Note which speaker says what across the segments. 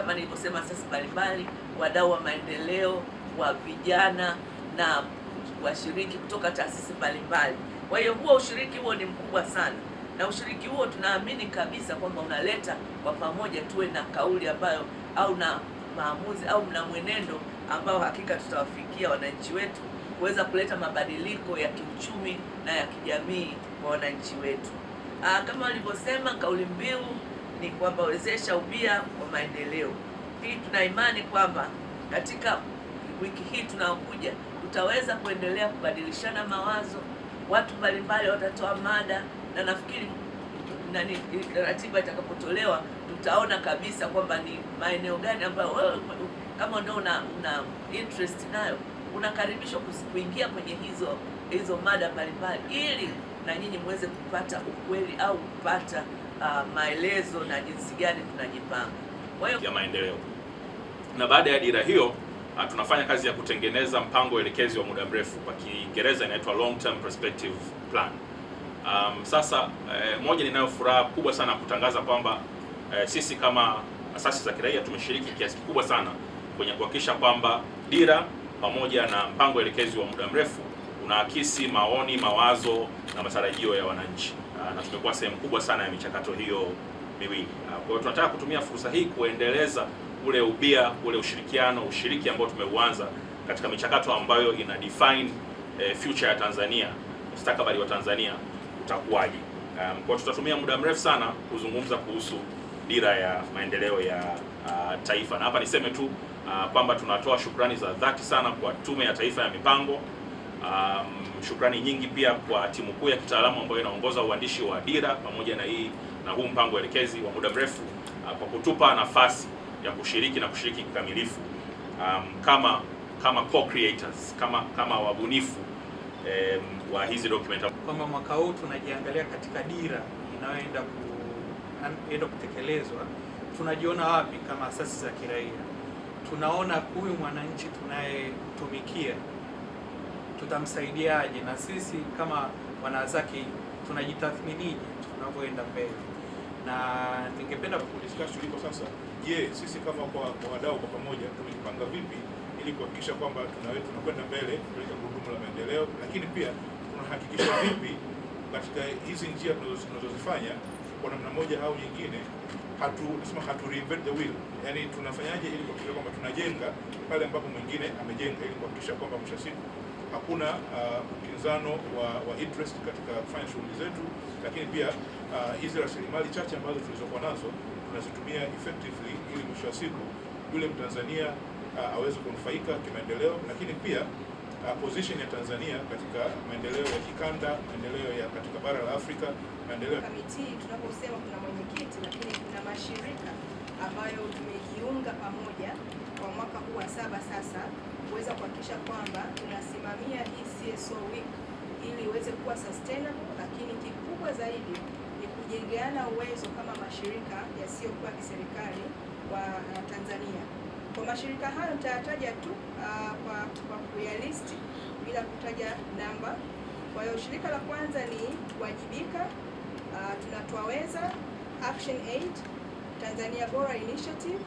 Speaker 1: kama nilivyosema, sasa mbalimbali, wadau wa maendeleo, wa vijana na washiriki kutoka taasisi mbalimbali. Kwa hiyo huo ushiriki huo ni mkubwa sana, na ushiriki huo tunaamini kabisa kwamba unaleta kwa pamoja tuwe na kauli ambayo au na maamuzi au na mwenendo ambao hakika tutawafikia wananchi wetu kuweza kuleta mabadiliko ya kiuchumi na ya kijamii kwa wananchi wetu. Aa, kama walivyosema kauli mbiu ni wezesha ubia wa maendeleo. Hii tuna imani kwamba katika wiki hii tunaokuja tutaweza kuendelea kubadilishana mawazo, watu mbalimbali watatoa mada, na nafikiri nani, ratiba itakapotolewa tutaona kabisa kwamba ni maeneo gani ambayo wewe kama ndio una, una interest nayo unakaribishwa kuingia kwenye hizo hizo mada mbalimbali, ili na nyinyi muweze kupata ukweli au kupata uh, maelezo na jinsi gani tunajipanga ya maendeleo. Na baada ya dira hiyo uh, tunafanya kazi ya kutengeneza mpango elekezi wa muda mrefu, kwa Kiingereza inaitwa long term perspective plan. Um, sasa eh, moja ninayo furaha kubwa sana kutangaza kwamba eh, sisi kama asasi za kiraia tumeshiriki kiasi kikubwa sana kwenye kuhakikisha kwamba dira pamoja na mpango elekezi wa muda mrefu unaakisi maoni, mawazo na matarajio ya wananchi, ah, na tumekuwa sehemu kubwa sana ya michakato hiyo miwili. Ah, kwa hiyo tunataka kutumia fursa hii kuendeleza ule ubia, ule ushirikiano, ushiriki ambao tumeuanza katika michakato ambayo ina define e, future ya Tanzania, mustakabali wa Tanzania utakuwaje? Um, kwa tutatumia muda mrefu sana kuzungumza kuhusu dira ya maendeleo ya uh, taifa, na hapa niseme tu kwamba uh, tunatoa shukrani za dhati sana kwa Tume ya Taifa ya Mipango Um, shukrani nyingi pia kwa timu kuu ya kitaalamu ambayo inaongoza uandishi wa dira pamoja na hii na huu mpango elekezi wa muda mrefu uh, kwa kutupa nafasi ya kushiriki na kushiriki kikamilifu um, kama kama co-creators, kama kama wabunifu um, wa hizi document kwamba mwaka huu tunajiangalia katika dira inayoenda ku, kutekelezwa tunajiona wapi kama asasi za kiraia, tunaona huyu mwananchi tunayetumikia tutamsaidiaje, na sisi kama wanawazaki tunajitathminije tunavyoenda mbele. Na ningependa kukuuliza shughuli sasa, je, sisi kama kwa wadau kwa pamoja tumejipanga vipi ili kuhakikisha kwamba tunakwenda mbele kuleta gurudumu la maendeleo, lakini pia tunahakikisha vipi katika hizi njia tunazozifanya kwa namna moja au nyingine hatu nasema hatu reinvent the wheel, yani tunafanyaje ili kuhakikisha kwamba tunajenga pale ambapo mwingine amejenga, ili kuhakikisha kwamba mwisho siku hakuna uh, ukinzano uh, wa, wa interest katika kufanya shughuli zetu, lakini pia uh, hizi uh, rasilimali chache ambazo tulizokuwa nazo tunazitumia effectively ili mwisho wa siku yule Mtanzania uh, aweze kunufaika kimaendeleo, lakini pia uh, position ya Tanzania katika maendeleo ya kikanda, maendeleo ya katika bara la Afrika, maendeleo kamiti. Tunaposema kuna mwenyekiti, lakini kuna mashirika ambayo tumejiunga pamoja wa mwaka huu wa saba sasa kuweza kuhakikisha kwamba tunasimamia hii e CSO week ili iweze kuwa sustainable, lakini kikubwa zaidi ni kujengeana uwezo kama mashirika yasiyokuwa kiserikali kwa uh, Tanzania. Kwa mashirika hayo nitayataja tu uh, kwa, kwa kuyalisti bila kutaja namba. Kwa hiyo shirika la kwanza ni Wajibika, uh, tunatwaweza, Action Aid, Tanzania Bora Initiative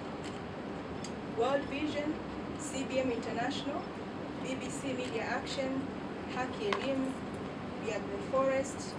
Speaker 1: World Vision, CBM International, BBC Media Action, Haki the Forest,